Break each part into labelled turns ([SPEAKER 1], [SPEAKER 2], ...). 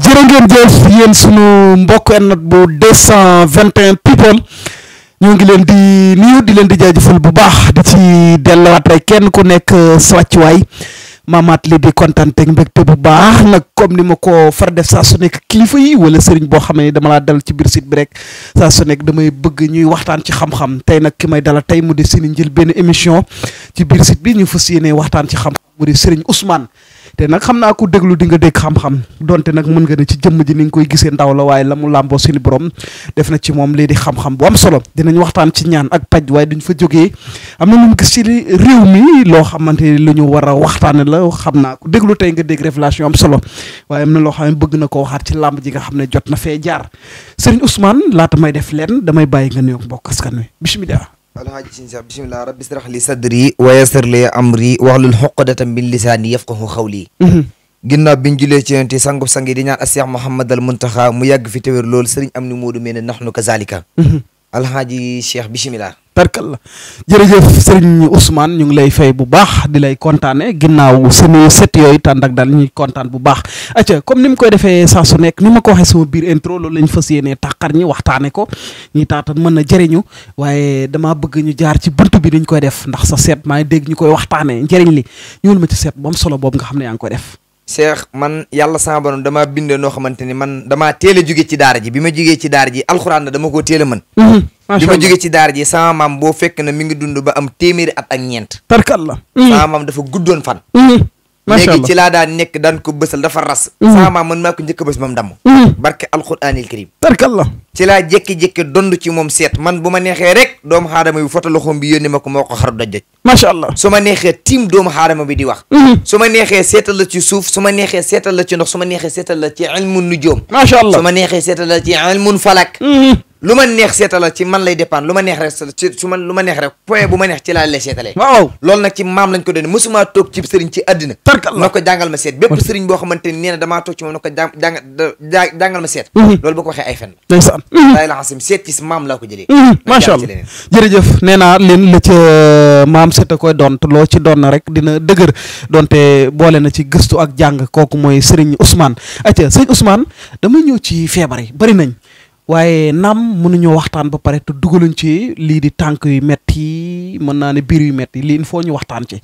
[SPEAKER 1] jërë ngeen jëf yéen sunu mbokk en not bu 221 people ñoo ngi leen di nuyu di leen di jaajëfal bu baax di ci delluwaat rek kenn ku nekk euh, sa waay maamaat li di kontaan teg mbégte bu baax nag comme ni ma ko far def saa su nekk kilifa yi wala sëriñ boo xam ne dama laa dal ci biir site bi rek saa su nekk damay bëgg ñuy waxtaan ci xam-xam tey nag ki may dala tey mu di seen njël benn émission ci biir site bi ñu fas yéene waxtaan ci xam-xam mu di sëriñ Ousmane. te nag xam naa ko déglu di nga dégg xam-xam donte nag mën nga ne ci jëmm ji ni nga koy gisee ndaw la waaye la mu làmboo suñu borom def na ci moom lii di xam-xam bu am solo dinañ waxtaan ci ñaan ak paj waaye duñ fa jógee am na lu mu mi loo xamante ni lu ñu war a waxtaane la xam naa ko déglu tey nga dégg révélation am solo waaye am na loo xam ne bëgg na ko waxaat ci làmb ji nga xam ne jot na fee jaar Serigne Ousmane laata may def leen damay bàyyi
[SPEAKER 2] nga nuyoo mbokk askan wi bisimilah alhaaj sin sax bisimilah rabbi israh li sadri wa yassir li amri wahlul uqdatan min lisaani yafqahu xawli mhm. ginnaaw biñ julee ci yonent sangub sang yi di ñaan asiyax Muhammad al Muntaxa mu yàgg fi téwér loolu sëriñ am ni moodu mel ne naxnu kazalika mhm. alhaaji cheikh bisimilah
[SPEAKER 1] tarkal la jërëjëf sëriñ Ousmane ñu ngi lay fay bu baax di lay kontaane ginnaaw suñu set yooyu tànd ak daal ñuy kontaan bu baax acca comme ni mu koy defee saa su nekk ni ma ko waxee sama biir intro loolu lañ fas yéenee tàqar ñi waxtaane ko ñi taata mën na jëriñu waaye dama bëgg ñu jaar ci bunt bi dañ koy def ndax sa seet maa ngi dégg ñu koy waxtaane njëriñ li ñuul ma ci seet bu solo boobu nga xam ne yaa ngi koy def
[SPEAKER 2] cheikh man yàlla sama borom damaa bind noo xamante ni man damaa teel a jóge ci daara ji bi ma jógee ci daara ji alxuraan na dama koo teel a mën mhm, bi ma jógee ci daara ji sama maam boo fekk na mi ngi dund ba am téeméeri at ak ñeent tarkalla mhm. sama maam dafa guddoon fan mhm,
[SPEAKER 1] léegi ci laa
[SPEAKER 2] daan nekk daan ko bësal dafa ras a ci laa jékki-jékki dond ci moom seet man bu ma neexee rek doomu xaadama yu foto loxoom bi yónni ma ko moo ko xaru dajjoj macha allah su ma neexee tiim doomu xaadama bi di wax mhm. su ma neexee seet la ci suuf su ma neexee seetal la ci ndox su ma neexe seetal la ci ilmun nujoom allah ma neexee seetal la ci ilmun falak mhm. lu ma neex ci man lay dépendre lu ma neex su ma lu ma neex rek point bu ma neex ci laa lay seetalee waaw loolu nag ci maam lañ ko doon mësumaa toog ci sëriñ ci àddina tarkal na ko jàngal ma seet bépp sëriñ boo xamante ni nee na toog ci moom na ko ma seet mhm. loolu boo ko ay fen ndeysaan wallaay la maam laa ko jëlee macha allah
[SPEAKER 1] jërëjëf nee naa leen la ca euh, maam seet a koy doon te loo ci doon na rek dina dëgër donte boole na ci gëstu ak jàng kooku mooy Serigne Ousmane aca sëñ Ousmane damay ñëw ci feebar yi bari nañ waaye naam mënuñoo waxtaan ba pare te dugaluñ ci lii di tànk yu metti mën naa ne biir yu metti lii il faut ñu waxtaan ci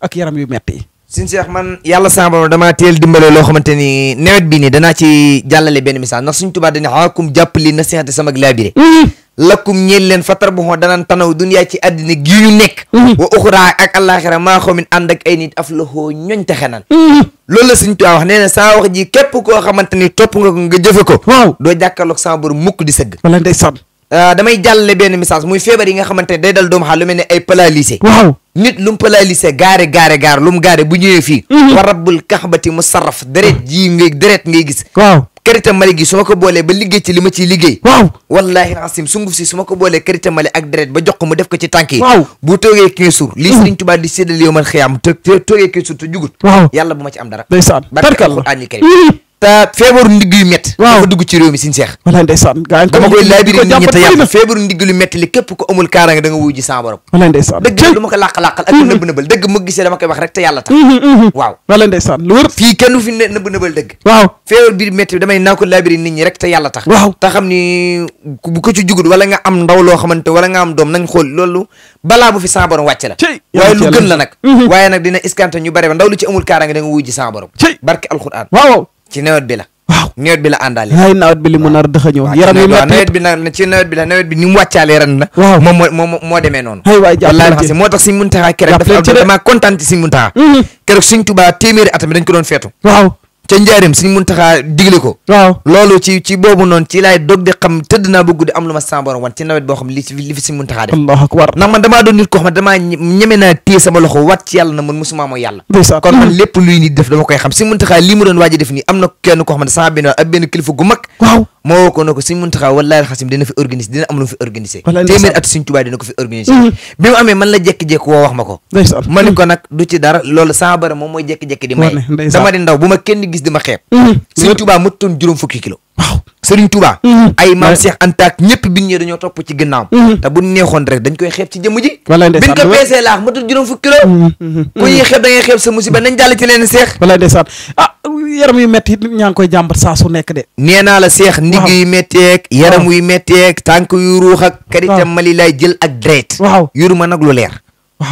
[SPEAKER 2] ak yaram yu metti suñu Cheikh man yàlla sama borom damaa teel dimbale loo xamante ni nawet bi ni danaa ci jàllale benn misaal na suñ tubaab dañuy xaakum jàpp li nasiihati sama laabire mhm. lakkum ñeel leen fatar bu xoo danaan tanaw duniyaa ci àddina gii ñu nekk mhm. wa uxraa ak àllaaxira maa xawmin ànd ak ay nit af la xoo ñooñ te xenan mhm. loolu la suñ tubaab wax nee na wax ji képp koo xamante ni topp nga ko nga jëfe ko waaw doo jàkkaarloog sama borom mukk di sëgg wala ndeysaan Euh, damay jàllale benn message muy feebar yi nga xamante ne day dal doomu xaal lu mel ay paralysé nit lu mu paralysé gaare gaare gaar lu mu gaare bu ñëwee fii mhm. wa rabbul kaxbati mu sarraf deret ji ngay deret ngay gis waaw karita mali gi su ma ko boolee ba liggéey ci li ma ciy liggéey waaw wallahi asim sunguf si su ma ko boolee karita mali ak deret ba jox ko mu def ko ci tànk yi bu toogee quinze jours lii mhm. Sëriñ di séddal yow man toogee quinze jours jugut waaw bu ma am dara ndeysaan te feebaru ndigg yu métti dafa dugg ci réew mi siñ seex wala ndeysaan dama koy laabiri nit ñi te yàpp feebaru ndigg lu métti li képp ko amul kaaraange da nga wuyu ji sa borom ma ko làq-làqal ak nëbb nëbbal dëgg ma gisee dama koy wax rek te yàlla tax mm-hmm, mm-hmm. waaw wala ndeysaan rek te yàlla tax waaw te xam ni bu ko ci jugul wala nga am ndaw loo xamante wala nga am doom nañ xool loolu balaa bu fi sa borom wàcc la waaye lu mm-hmm. waaye nag dina iskante ñu bare ba ndaw lu ci amul kaaraange da nga wuyu ji barke alquran ci nawet bi la. waaw nawet bi la àndaale.
[SPEAKER 1] ay nawet bi li mu nar dëxa ñëw. yaram yu métti nawet
[SPEAKER 2] bi nag ci nawet bi la nawet bi ni mu wàccaale ren la. waaw moo moo moo demee noonu. aywaay jàppale ci moo tax suñ muntaxaa keroog dafa am damaa kontaan ci suñ muntaxaa. Mhm. keroog suñ tubaa téeméeri atam dañ ko doon feetu. ca njaarim suñ mun taxaa digle ko waaw loolu ci boobu noon ci laay dog di xam tëdd naa bëgg am lu ma sàmbaroon wan ci nawet boo xam li li fi suñ mun taxaa def allahu akbar ndax man damaa doon nit koo xam ñeme naa téye sama loxo wat ci yàlla na man musuma kon man mm. lépp luy nit def dama koy xam suñ mun taxaa lii mu doon waaji def nii am na kenn koo xam ne sama benn ak moo woo ko na ko suñ Muntaxa wallaahi alxasim dina fi organiser am lu mu fi organiser téeméer at suñ Tuubaa dina ko fi organiser mhm. bi mu amee man la jekki-jekki woo wax ma ko ma mhm. ko nag du dara loolu saa bara moom mooy jekki-jekki di may dama di ndaw bu ma kenn gis di ma xeeb mhm. suñ Tuubaa mottoon juróom fukki kilo waaw Serigne Touba. Mhm. ay maam Cheikh Anta ak ñëpp bi ñu ñëwee dañoo topp ci ginnaaw. Mhm. te bu neexoon rek dañ koy xeeb ci mhm. da ngay sa musiba nañ jàll ci leen seex. Ah, yaram yu métti it ñaa ngi koy jàmbat saa su nekk de. nee naa la seex ndig yu métteeg. yaram yu métteeg tànk yu ruux ak. karitam mali laay jël ak deret. waaw yoru ma nag lu leer.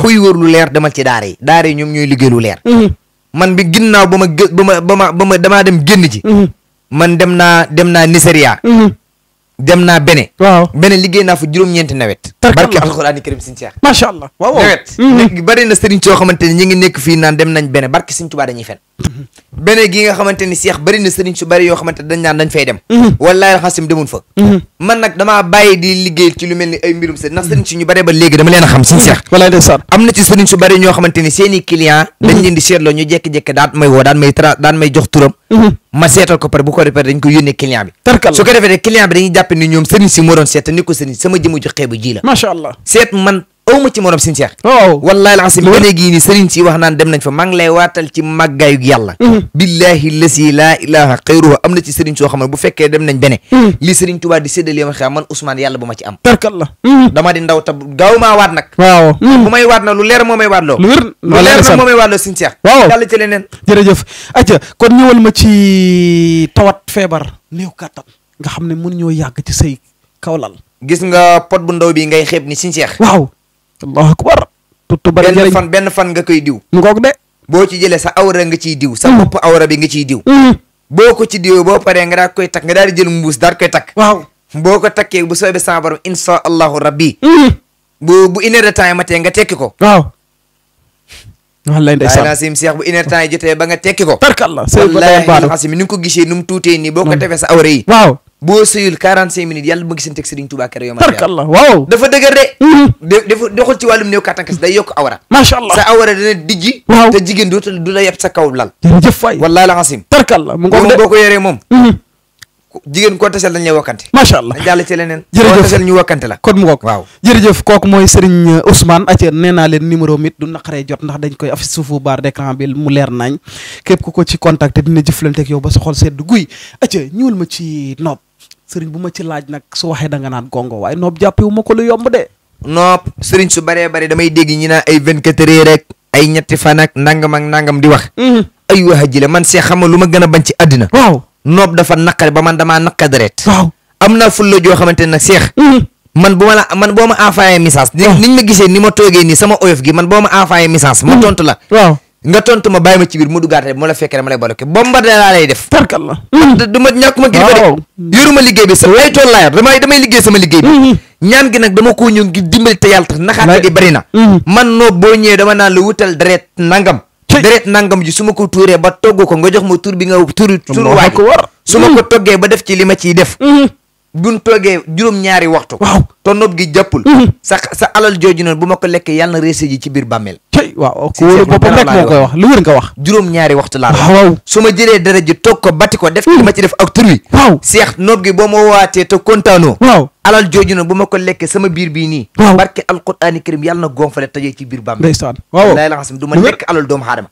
[SPEAKER 2] kuy wër lu leer demal ci daara yi daara yi ñoom ñooy liggéey lu leer. man bi ginnaaw ba damaa dem génn ji man dem naa dem naa Nigeria. Mhm. dem naa Bénin. waaw Bénin liggéey naa fa juróom-ñeenti nawet. barke alxuraani karim sëñ Cheikh. macha allah waaw nawet. Mhm. bari na sëriñ soo xamante ne ñu ngi nekk fii naan dem nañ Bénin barke sëñ Tuubaa dañuy fen beneen gi nga xamante ni seex bari na sëriñ su bari yoo xamante mhm. mhm. ni seex wallaahi ndeysaan i client mhm. dañ leen ko pare bu ko ñoom sëriñ si moo seet ni ko sëriñ sama jëmu ju xeebu ji la macha allah seet man aw ma ci morom sëñ Cheikh. waaw wallaahi alazim ba léegi nii sëriñ si wax naan dem nañ fa maa waatal ci màggaayu yàlla. Mhm. billaahi lasi laa ilaaha xayruhu am na ci sëriñ soo xam bu fekkee dem nañ bene. Mhm. li sëriñ Tuubaa di séddale ma xam man Ousmane yàlla bu ma ci am. tarkalla. Mhm. dama di ndaw tab gaaw maa waat nag. waaw bu may waat nag lu leer moo may waat loo. lu wér lu leer nag moo may
[SPEAKER 1] aja kon ñëwal ma ci
[SPEAKER 2] tawat feebar néew kàttan nga xam ne mën ñoo yàgg ci nga pot bu ndaw bi ngay xeeb ni sëñ Cheikh waaw allahu akbar tuttu bari benn fan nga koy diw ngoog de boo ci jëlee sa awra nga ciy diw sa bopp awra bi nga ciy diw mm-hmm. boo ko ci diw boo paree nga daal koy takk nga daal di jël mbuus daal koy takk waaw boo ko takkee bu sa sama borom insha allahu rabbi mm-hmm. bu bu une heure de temps yi nga tekki ko waaw wallaay ndeysaan naa sim seex bu une heure temps yi jotee ba nga tekki ko barkallah wallaay asim ni ko gisee nu tuutee ni boo ko tefee mm. sa awra yi waaw boo sëyul 45 minutes yàlla bu ma gisanteeg Serigne Touba Kër Yomar. tarkalla waaw dafa dëgër mhm. de. dafa doxul ci wàllum néew kattan kese day sa awara la yeb sa kaw lal. jërëjëf Faye wallaahi la xasim. tarkalla mu ngoog de boo ko yoree moom. Mhm. jigéen koo tasel dañ lay wakkante macha allah koo tasel ñu
[SPEAKER 1] naa leen numéro mit du naqaree jot ndax dañ koy af suufu barre d'écran bi mu leer naañ képp ku ko ci contacté dina jëflanteeg yow ba sa xol sedd guy aca ñuul ma ci nopp sëriñ bu ma ci laaj nag su waxee da nga naan gongo waaye noob jàppewu ma ko
[SPEAKER 2] lu yomb de. noob sëriñ su baree bari damay dégg ñi naan ay 24 heures rek ay ñetti fan ak nangam ak nangam di wax. Mhm. ay wax ji man see xam lu ma gën a bañ ci àddina. waaw noob dafa naqare ba man damaa naqadareet. waaw am naa fulla joo ne nag seex. Mhm. man bu ma la man boo ma envoyé ni niñ ma gisee ni ma toogee ni sama oyof gi man boo ma envoyé message. ma mhm. tontu la nga tontu ma bàyyi ma ci biir mu duggaate ma la fekkee dama lay bloqué bombardé laa lay def tarkalla du ma ñàkkuma kilifa de yoruma liggéey bi sa lay tool laa yor damay damay liggéey sama liggéey bi mm-hmm. ñaan gi nag dama ko ñëw ngir dimbali te yàlla tax naxaate gi bëri na mm-hmm. man noo boo ñëwee dama naan la wutal deret nangam deret nangam ji su ma ko tuuree ba togg ko nga jox ma tur bi nga tur waaj su ma ko mm-hmm. toggee ba def ci li ma ciy def buñ toogee juróom-ñaari waxtu. waaw te nopp gi jàppul. Mhm. sa sa alal jooju noonu bu ma ko lekkee yàlla na réese ji ci biir bàmmeel. tey waaw ku wóorul wax lu wër nga wax. juróom-ñaari waxtu laa waaw su ma jëlee dara ji toog ko bati ko def. ma ci def ak tur wi. waaw gi boo ma waatee te kontaanoo. waaw. alal jooju nag bu ma ko lekkee sama biir bii nii waaw barke alquraan karim yàlla na gonfale la xasam du ma lekk alal doomu aadama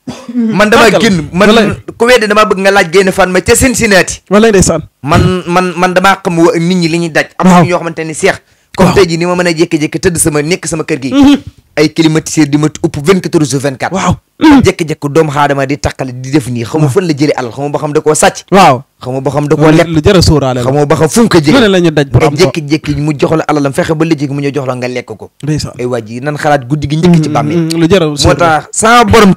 [SPEAKER 2] man damaa génn man ku wedde damaa bëgg nga laaj génn fan ma ca Cincinnati wala ndeysaan man man li ñuy daj am ñoo ni seex comme tey jii ni ma mën a jékki-jékki tëdd sama nekk sama kër gi mhm. ay ma upp vingt quatre mhm. doomu aadama di takkale di def nii xamu fan la jëlee alal xamu ba xam da koo sàcc xamoo ba xam da koo lekk lu a sóoraale xamoo ba xam mu ko jëlee mu jox ba léegi mu ñëw nga lekk ko ndeysaan ay nan xalaat guddi gi njëkk ci bàmmeel mm, mm, lu jar a moo tax sama borom mm.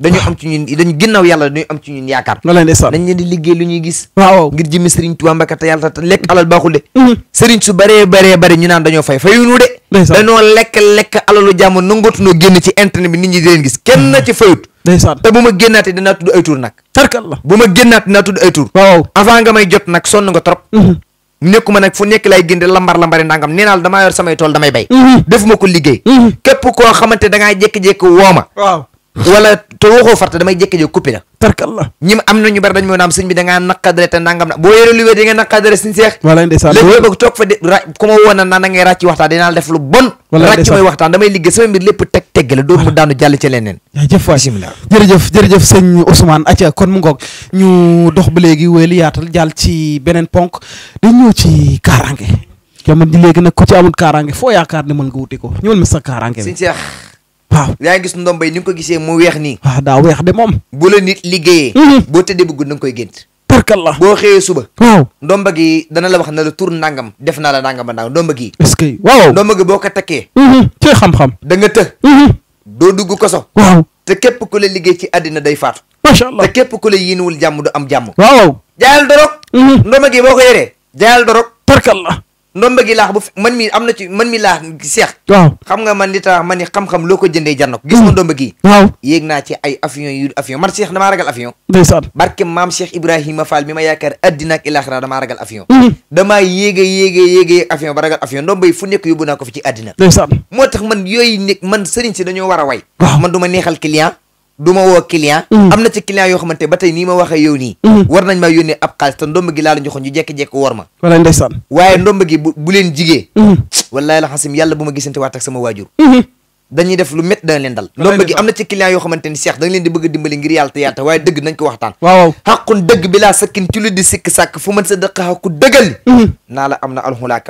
[SPEAKER 2] dañu am ci ñun dañu ginnaaw ñun liggéey lu ñuy gis waaw ngir jëmmi Sëriñ Tuubaa Mbàkke te yàlla te lekk alal baaxul de sëriñ su baree bare ñu naan dañoo fay fayunu de dañoo lekk lekk alalu jàmm nangootunoo génn ci internet bi nit ñi di leen gis kenn hmm. ci fayut bu ma génnaatee dinaa tudd ay tur nag tarkal la bu ma génnaat dinaa tudd ay tur waaw avant nga may jot nag sonn nga trop hmm. nekkuma nag fu nekk lay gindi lambar lambari ndangam nee naa damaa yor samay tool damay bay hmm. defuma ko liggéey képp koo xamante dangaa jékki-jékki wooma waaw wala te waxoo farte damay jékki-jékki kuppi la tarkalla ñi am na ñu bari dañ moo naam sëñ bi da ngaa naqadare te nangam na boo yore lu wér di nga naqadare sëñ seex walaay ndeysaan toog fa di ra ku ma woon na naan da ngay ràcc waxtaan dinaa lu bon ràcc mooy waxtaan damay liggéey sama mbir lépp teg tegg la doon mu daanu jàll ci leneen jëf waay bisimilah
[SPEAKER 1] jërëjëf jërëjëf sëñ Ousmane aca kon mu ngoog ñu dox ba léegi wéylu yaatal jàll ci beneen ponk dañ ñëw ci kaaraange jamono léegi nag ku ci amul kaaraange foo yaakaar ne mën nga wuti ko ñëwal mi sa kaaraange bi
[SPEAKER 2] waaw yaa ngi gis ndombay ni ko gisee mu weex ni waaw ah, daa weex de moom bu la mhm. boo tëddee bëgg da nga koy gént tarkallah boo xëyee suba waaw ndomba gi dana la wax na la tur nangam def naa la nangam nangam ndomba gi est que waaw ndomba gi boo ko takkee mhm. ci xam-xam da nga të mhm. doo dugg koso waaw te képp ku la liggéey ci àddina day faatu macha allah te képp ku la yiinwul jàmm du am jàmm waaw jaayal dorog ndomba gi boo ko yoree jaayal dorog tarkallah ndomba gi laax bu man mi am man mi laax seex waaw xam nga man li tax man ni xam-xam loo ko jëndee jar na ko gis nga hmm. ndomba gi waaw yéeg naa ci ay avion yu avion man seex damaa ragal avion ndeysaan barke maam Cheikh Ibrahima Fall mi ma yaakaar addina ak ilaaxira damaa ragal avion hmm. damaa yéeg a yéeg a yéeg a avion ba ragal avion ndomba yi fu nekk yóbbu naa ko fi ci addina ndeysaan moo tax man yooyu nekk man sëriñ si dañoo war a way man du ma neexal client du woo client mm. am na ci client yoo xamante ba tey nii ma waxee yow nii mm. war nañ maa yónnee ab xaalis te ndomb gi laa la joxoon ñu jekki-jekki war ma wala ndeysaan waaye ndomb gi bu leen jigee mm. la xasim yàlla bu ma gisante waat ak sama waajur mm-hmm. dañuy def lu métti dana leen dal ndomb gi am na ci client yoo xamante ni Cheikh da nga leen di bëgg a dimbali ngir te yaata waaye dëgg nañ ko waxtaan waaw xaqun dëgg bi laa sakkin di sikk sàkk fu mën sa dëq xaqu dëggal mm-hmm. naa la am na alxulaa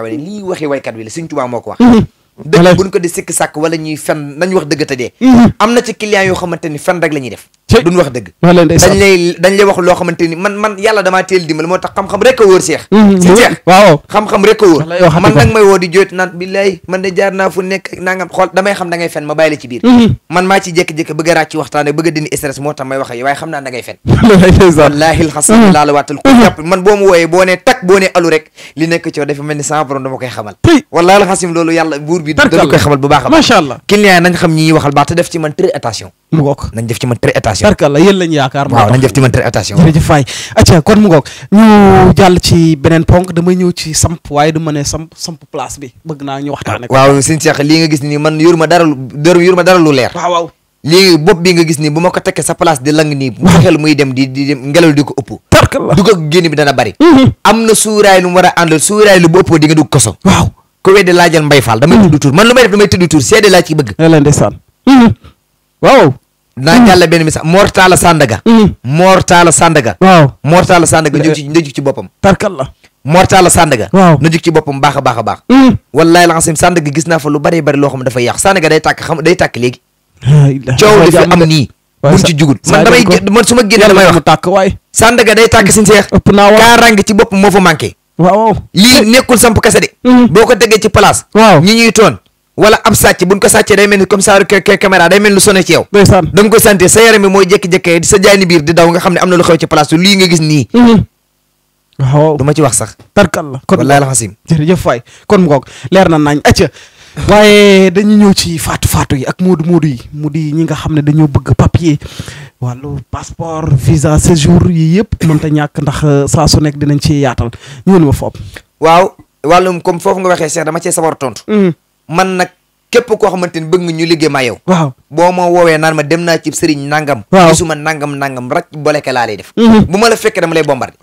[SPEAKER 2] dëgg buñ ko di sikk sàkk wala ñuy fen nañ wax dëgg te dee mhm. am na ci client yoo xamante ni fen rek la ñuy def duñ wax dëgg dañ lay wax loo xamante ni man man yàlla teel dimbal moo tax xam-xam rek a seex mm-hmm. si seex waaw xam-xam rek a man nag may woo di joyt naan billaay man de jaar naa fu nekk damay xam da fen ma la ci biir mm-hmm. man maa ci jékki-jékki bëgg a ràcc waxtaane bëgg a dindi moo tax wax ak waaye xam naa da fen wallaahi mm-hmm. la alxasim loolu yàlla buur bi dama koy xamal bu baax a baax macha allah client ñi waxal baax def ci man attention tarkalla yéen lañ yaakaar. waaw nañ def timante attention. jërëjëf
[SPEAKER 1] Faye acca kon mu ngoog ñu jàll ci beneen ponk damay ñëw ci samp waaye
[SPEAKER 2] du ma ne samp samp place bi bëgg naa ñu waxtaanee. waaw sëñ nga gis ni man ma dara lu yoru ma dara lu leer. waaw bopp bi nga gis nii bu ma ko tekkee sa place di lang nii bu xel muy dem di di dem ngelaw di ko ëpp tarkalla dugg ak génn bi mhm. lu mu war a àndal suuraay lu bu ko di nga dugg mbay faal damay mhm. tudd tur man lu may def damay tudd tur seede laa ci bëgg la mhm. waaw naa mm. jàll benn misaal Mor Talla Sandaga. Mm. Mor Talla Sandaga. waaw Mor Talla Sandaga na ci eh, na jug ci boppam. tarkal la Mor Talla Sandaga. waaw na jug ci boppam baax a baax a baax. Mm. wallaahi la xam Sandaga gis naa fa lu bari bari loo xam ne dafay yàq Sandaga day tàkk xam day tàkk léegi. coow li fi am nii. waaye ci jugul man damay man su ma génnee damay wax tàkk waay. Sandaga day tàkk sin seex. ëpp naa kaaraange ci boppam moo fa manqué. waaw lii nekkul samp kese de. boo ko tegee ci place. waaw ñi ñuy toon wala ab sàcc buñ ko sàccee day mel ni comme ça caméra day mel sa yaram mooy jékki-jékkee sa jaani biir daw nga xam ne am na lu xew ci place bi lii nga gis nii mhm. waaw du ma ci wax sax tarkal la kon wallaahi alxasim
[SPEAKER 1] jërëjëf faay kon mu ngoog leer na nañ acca waaye dañu ñëw ci faatu faatu yi ak moodu moodu yi mu di ñi nga xam ne dañoo bëgg papier wàllu passeport visa séjour yi yëpp mënta ñàkk ndax euh, saa su nekk dinañ ci yaatal ñu ma foofu
[SPEAKER 2] waaw wàllum comme foofu nga waxee Cheikh dama cee sawar tontu mhm. man nag képp koo te ni bëgg ñu liggéey ma yow waaw boo ma woowee naan ma dem naa ci sëriñ nangam waaw gisuma nangam nangam rek boleke laa lay def mhm. bu ma la fekkee dama lay bombardé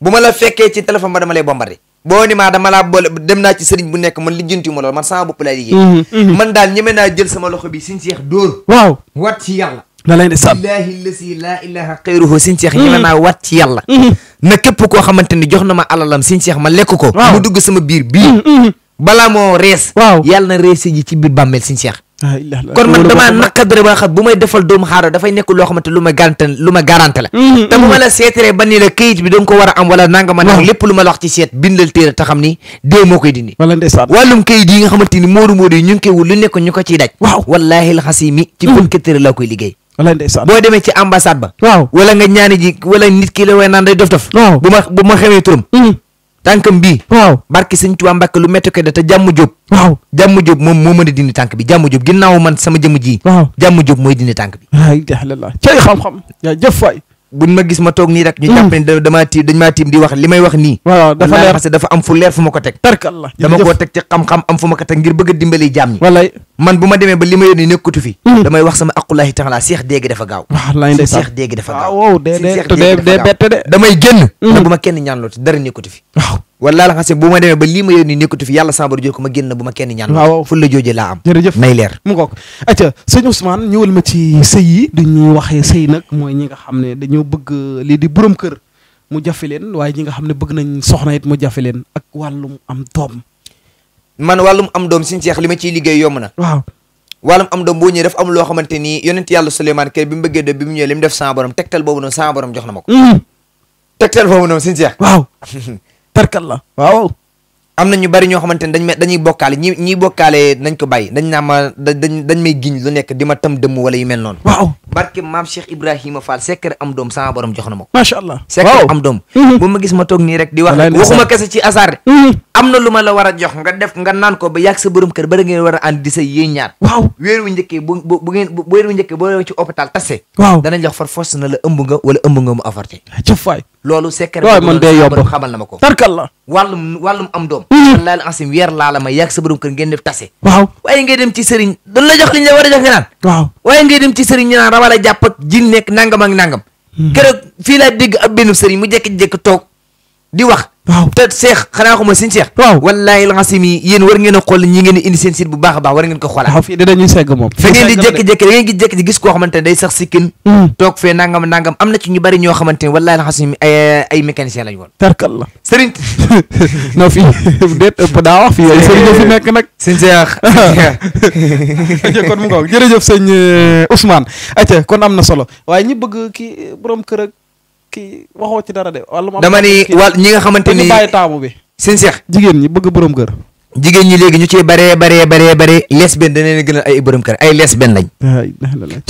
[SPEAKER 2] bu ma la fekkee ci téléphone ba dama lay bombardé boo ni maa dama laa boole dem naa ci sëriñ bu nekk man lijjanti ma loolu man sama bopp laay liggéey mhm. Mhm. man daal ñeme naa jël sama loxo bi sin seex dóor waaw wat ci la na lay ne la billaahi lasi laa ilaha xayruhu sin seex ñeme naa wat ci yàlla na képp koo xamante ni jox na ma alalam sin seex ma lekk ko mu dugg balaa moo rees. waaw yàlla na rees ji ci biir bàmmeel siñ kon man damaa naqadre ba xam bu may defal doomu xaara dafay nekk loo xamante lu ma garante ma garante la mhm, te bu mhm. ma la seetaree ba ni la këyit bi da ko war a am wala nanga ma ne lépp lu ma la wax ci seet bindal téere te xam ni dee moo koy dindi wala ndeysaan wàllum këyit yi nga xamante ni moodu moodu yi ñu lu nekk ñu ko ciy daj waaw wallaahi la xasi mi ci fonkattéere mhm. laa koy liggéey wala boo demee ci ambassade ba waaw wala nga ñaani ji wala nit ki la way naan day dof dof bu ma bu ma xamee turam tànkam bii waaw barki sëñ Tuubaa Mbàkke lu métti koy da te jàmm jóob waaw jàmm jóob moom moo mën a dindi tànk bi jàmm jóob ginnaaw man sama jëmm ji waaw jàmm jóob mooy dindi tànk bi la ilaha illallah xam-xam yaa jëf waay bu buñ ma gis ma toog nii rek. ñu mm. jàpp ne damaa tiim dañ maa tiim di wax li may wax ni waaw dafa am fu leer fu ma ko teg. tarkalla dama koo teg ci xam-xam am fu ma ko teg ngir bëgg a dimbali jaam ñi. man bu ma demee ba li ma yónni nekkutu fi. Mm. damay wax sama aqulahi taala seex dégg dafa gaaw. wallaay ndeysaan seex dégg dafa gaaw. waaw wow dee dee damay génn. Mm. te bu ma kenn ñaan ñaanloo dara nekkutu fi. waaw wala alxase bu ma demee ba lii ma yónni nekkatu fi yàlla sàmbar jël ko ma génn bu ma kenn ñaan waaw fu la jooje laa am jërëjëf nay leer
[SPEAKER 1] mu ngoog acca sëñ Ousmane nag mooy ñi nga xam ne dañoo bëgg lii di borom kër mu jafe leen waaye ñi xam ne bëgg nañ soxna it mu jafe ak wàllum am doom
[SPEAKER 2] man wàllum am doom siñ seex li ma ciy liggéey yomb na waaw wàllum am doom boo ñëwee dafa am loo xamante ni yonent yàlla Suleymaan kër bi mu bëggee doom bi sa borom tegtal boobu noonu sa borom jox na ma ko mhm. tegtal boobu noonu siñ seex tarkal la waaw am na ñu bari ñoo xamante ne dañ may dañuy bokkaale ñi ñiy bokkaale nañ ko bàyyi dañ naa giñ di ma tam dëmm wala yu mel noonu. waaw barke maam Cheikh Ibrahima ma ko. macha allah secret am doom. Mhm. bu mhm. a nga naan ko ba yàgg sa sa yéen ñaar. waaw weer wu njëkkee bu bu bu ngeen bu weer wu njëkkee boo ci hôpital tase. waaw loolu secret. man day yomb xamal na ma ko. tarkal la wàllum am doom ko wallaahi asim weer laa la may yàgg sa kër ngeen def tase waaw waaye ngay dem ci sëriñ dañ la jox liñ la war a jox nga naan waaw waaye ngay dem ci sëriñ ñu naan rabal a jàpp ak jin nekk nangam ak nangam hmm. keroog fii laa dégg ab benn sëriñ mu jékki-jékki toog di wax waaw te seex xanaa xamul seen seex waaw wallaahi lancim yi yéen war ngeen a xool ñi ngeen di indi seen site bu baax a baax war ngeen ko xoolaat waaw fii de dañuy segg moom fe ngeen di jékki-jékki gis koo xamante day sax sikkin mm. toog fee nangam nangam am na ci ñu bari ñoo xamante ne wallaahi lancim ay ay mécanicien lañu woon tarkal la sëriñ
[SPEAKER 1] non fii déet ëpp daa wax fi nekk nag seen seex aca kon mu ngoog jërëjëf sëñ euh, Ousmane kon am na solo waaye ñu bëgg kii borom kër kii waxoo ci dama ni wàll ñi nga xamante ni bàyyi
[SPEAKER 2] jigéen ñi bëgg borom kër. jigéen ñi léegi ñu ci baree baree baree baree lesbienne dana leen gënal ay borom kër ay lesbienne lañ.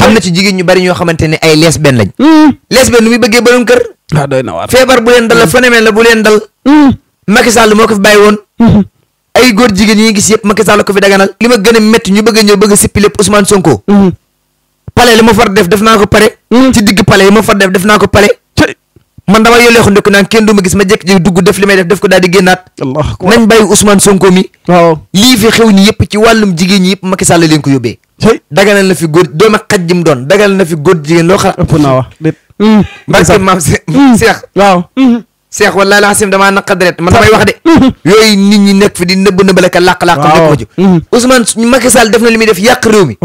[SPEAKER 2] am na ci jigéen ñu bari ñoo xamante ne ay lesbienne lañ. Hmm. lesbienne nu muy bëggee borom kër. ah doy na waar feebar bu leen dal la hmm. phénomène la bu leen dal. Hmm. Macky Sall moo ko fi bàyyi woon. ay góor jigéen yi gis yëpp Macky Sall ko fi daganal. li ma gën a métti ñu bëgg a ñëw bëgg a sippi lépp Ousmane Sonko. pale li ma far def def naa man dama yolleexu ndëkk naan kenn du ma gis ma jekk ji dugg def li may def def ko daal di génnaat nañ bàyyi Ousmane Sonko mi waaw lii fi xew ñi yëpp ci wàllum jigéen ñi yëpp Macky Sall leen ko yóbbee daganal na fi góor dooma xaj jim doon daganal na fi góor jigéen loo xalaat ëpp naa wax mm. barke maam mm. Mm. Seex waaw mm-hmm. Seex wallaahi la xasim damaa naqa deret man damay wax mm-hmm. nit ñi nekk fi di nëbb nëbbalaka làq-làq nekk ma ci Ousmane Macky Sall def na li muy def yàq réew mi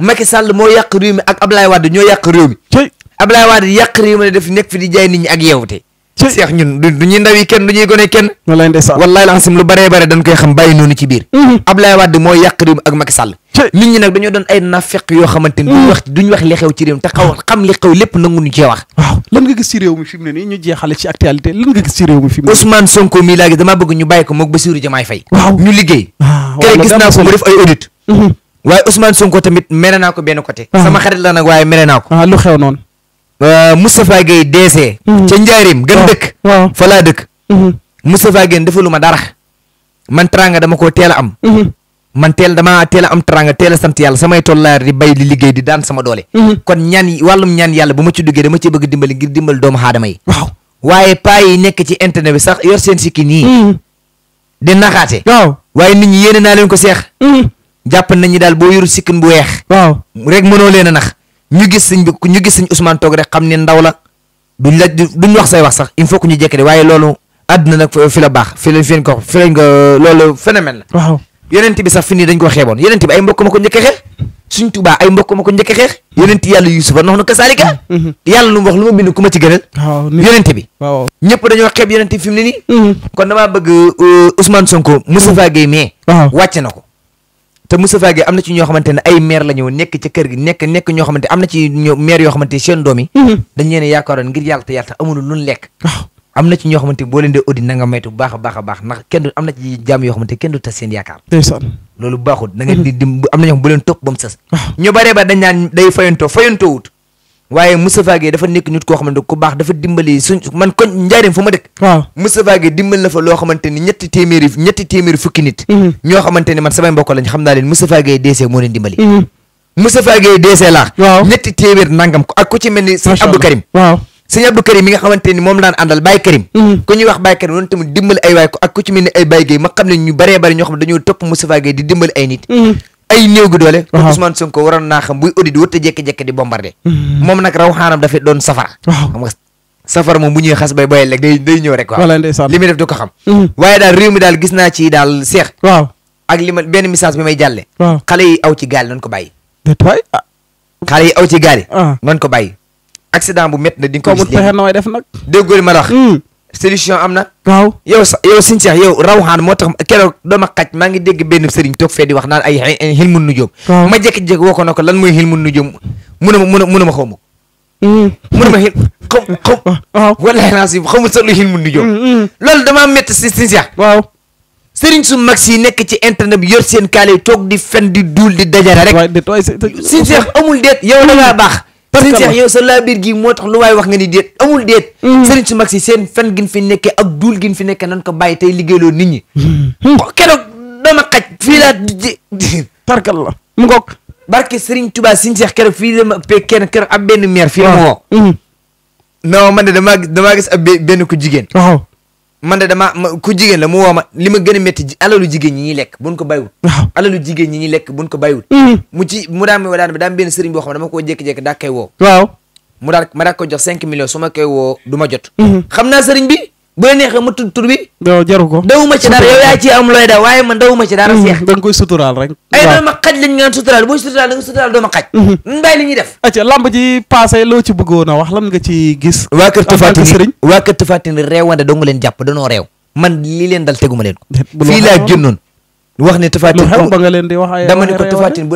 [SPEAKER 2] Macky Sall moo yàq réew mi ak Abdoulaye Wade ñoo yàq réew mi Abdoulaye Wade yàq réew mi ne def nekk fi di jaay nit ñi ak yeewte seex ñun du ñuy ndaw yi kenn du ñuy gone kenn wallaay ndeysaan wallaay lancim lu bëree bëri dañ koy xam bàyyi noonu ci biir mhm. Abdoulaye Wade mooy yàq réew mi ak Macky Sall ñi dañoo doon ay nafeq yoo xamante ni duñ mhm. wax duñ wax li xew ci réew mi xaw xam li xew lépp nangu ñu cee wax waaw lan nga gis ci réew mi fi mu ne nii ñu jeexale ci actualité lan nga gis ci réew mi fi mu bëgg ñu bàyyi ko moog Bassirou Diomaye Faye waaw ñu liggéey ah, kay gis naa ko mu def ay audit mhm. waaye Ousmane Sonko tamit mere naa ko benn côté ah. sama xarit la nag waaye mere naa ko ah, lu xew Euh, Moustapha Gueye DC. Mhm. ca Njaarim gën dëkk. fa laa dëkk. Mhm. Moustapha Gueye defalu ma dara. man teraanga dama ko teel a am. Mhm. man teel dama teel am teraanga teela a yal sama samay tollaar di bay di liggéey di daan sama doole. kon ñaan wàllum ñaan yàlla bu ma ci duggee dama ci bëgg dimbali ngir dimbali doomu aadama yi. waaw waaye paa yi nekk ci internet bi sax yor seen sikki nii. di naxaate. waaw waaye nit ñi yéene ko seex. jàpp nañ daal boo yoru sikkin bu weex. rek mënoo leen a nax. ñu gis sëñ bi ñu gis sëñ Ousmane toog rek xam ne ndaw la duñ la duñ wax say wax sax il faut que ñu jékkee waaye loolu àdduna nag fi la baax fi lañ fi ko fi la. waaw bi sax nii dañ ko xeeboon yonent bi ay mbokk ma ko njëkk a xeex suñ Tuubaa ay mbokk ma ko njëkk a xeex. yonent yàlla Yuusufa nox na kasaalika. Mhm. yàlla lu mu wax lu ma bind ku ma ci gënal. waaw bi. waaw dañoo xeeb yonent fi mu ne nii. Mhm. kon damaa bëgg euh, Ousmane Sonko Moustapha Guèye mais. waaw wàcce na ko. te Moustapha Gueye am na ci ñoo xamante ne ay maire la ñëw nekk ci kër gi nekk nekk ñoo xamante am na ci ñoo maire yoo xamante seen doom yi mhm. dañ leen ngir yàlla te yàlla tax lekk am na ci ñoo xamante boo leen dee audit na baax a baax baax ndax kenn du am na ci jàmm yoo kenn du tas seen yaakaar ndeysaan loolu baaxul da nga mhm. di am na ñoo xam bu leen topp ba mu ñoo baree ba day fayantoo fayantoo wut waaye Moustapha Gueye dafa nekk nit koo xamante ku baax dafa dimbali suñ man koñ njaarim fu ma dëkk waaw Moustapha dimbali na fa loo xamante ni ñetti téeméeri ñetti téeméeri fukki nit mhm. ñoo xamante ni man samay mbokk lañ xam naa leen Moustapha Gueye DC moo leen dimbali mhm. Moustapha Gueye DC laa ñetti téeméer nangam ko ak ku ci mel ni sëñ Abdou Karim waaw sëñ Abdou Karim mi nga xamante ni moom laan àndal Baye Karim mhm. ku ñuy wax Baye Karim noonu tamit dimbali ay waay ko ak ku ci mel bari ñoo xam ne dañoo topp Moustapha Gueye di dimbali ay nit ay néew gi doole. waaw Ousmane Sonko waroon naa xam buy audit wut te jékki-jékki di bombardé. Hmm. moom nag raw xaanam dafay doon safara. xam nga safara moom bu ñuy xas bay boyal rek day day ñëw rek. waaw li muy hmm. daal mi daal gis naa ci daal seex. waaw ak li ma benn message bi may jàlle. waaw xale yi aw gaal nañ ko bàyyi. déet ah. xale yi aw gaal yi. Ah. ko bàyyi. accident bu métti na di nga ko gis léegi. kooku pexe nooy def nag. déggoo li ma solution am na. waaw yow sa yow sëñ Cheikh yow rawxaan moo tax keroog dama xaj maa ngi dégg benn sëriñ toog fee di wax naan ay xilmu nujoom. ma jékki jekk woo ko na ko lan mooy xilmu nujoom mu ne ma mu ne mu ne ma xaw ma. Mm-hmm. mu ne ma xil xaw xaw. waaw wallaahi naa si xaw ma sax lu xilmu nujoom. Mm-hmm. loolu damaa métti si sëñ Cheikh. sëriñ su mag si nekk ci internet bi yor seen kaale toog di fen di duul di dajara rek. waay de tooy sëñ Cheikh amul déet yow da baax. parce que yow sa laabiir gi moo tax lu waay wax nga ni déet amul déet hmm. sëriñ su mag seen fen gin fi nekkee ak duul gin fi nekkee nan ko bàyyi tey liggéeyloo nit ñi hmm. oh, keroog dama xaj fii laa tarkal la mu ngoog barke Serigne Touba Sëriñ Seex keroog fii dama pe kenn keroog ab benn meer fii moo hmm. non man de damaa damaa gis ab benn ku jigéen man de damaa ma ku jigéen la mu woo ma li ma gën a métti alalu jigéen ñi ñuy lekk buñ ko bàyyiwul waaw alalu jigéen ñi ñuy lekk buñ ko bàyyiwul mm-hmm. mu ci mu daan wa daan bi daan benn sëriñ boo xam ne dama koo jékki-jékki daa koy woo mu daa ko jox cinq millions su ma koy du ma jot mm-hmm. xam naa sëriñ bi bu neexee ma tudd tur bi. yow jaru ko dawuma ci dara yow yaa ci am looy daw waaye man dawuma ci dara. seex hmm, da
[SPEAKER 1] nga suturaal rek.
[SPEAKER 2] ay doo ma xaj lañ ngaan suturaal booy suturaal da nga suturaal doo ma xaj. Hmm. ñu bàyyi li ñuy def. acca lamb wax lan nga ci gis. waa kër Tafatine sëriñ waa kër Tafatine réewande doo nga leen jàpp danoo réew. man lii leen dal teguma leen ko.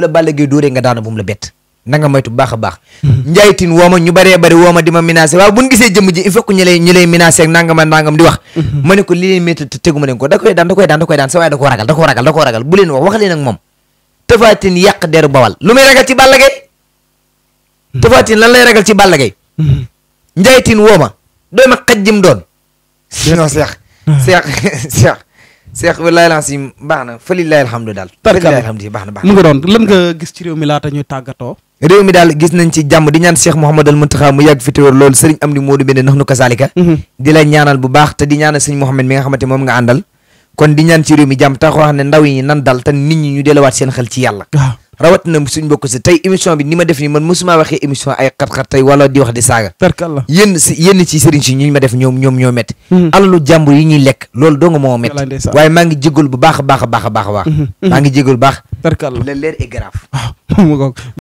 [SPEAKER 2] la bàllagee nanga nga tu baax a baax. Mm-hmm. njaaytin woo ma ñu bare bari woo di ma menacé waaw bu ñu gisee jëmm ji il faut ñu lay ñu lay menacé ak nangam di wax. Mm-hmm. ma ne ko li leen métti tegu ma ko da koy daan da koy daan da koy daan sa waaye da koo ragal da koo ragal da koo ragal bu leen wax wax leen ak moom. Tafatin yàq deru bawal lu muy ragal ci Balla Gaye. Mm-hmm. Tafatin lan lay ragal ci Balla woo ma dooy ma xaj jëm doon. non Cheikh. Cheikh Cheikh. Cheikh walaay laa si baax na fa lillahi alhamdu daal. tarkalla fa lillahi baax na baax na. mu ngi doon lan nga gis ci réew mi laata ñuy tàggatoo. réew mi daal gis nañ ci jàmm di ñaan Cheikh Mouhamadal Mountakha mu yàgg fi teewul loolu sëriñ am ni Modou Mbende nax nu kasaalika wax ne ndaw ay xat-xat tey di wax di saaga tarkalla ci sëriñ si ñu ma def ñoom ñoom ñoo métti mhm. alalu jàmbur yi ñuy lekk loolu doo nga moo métti waaye maa ngi jégalu bu baax a baax a baax a a baax mhm. maa ngi jégalu baax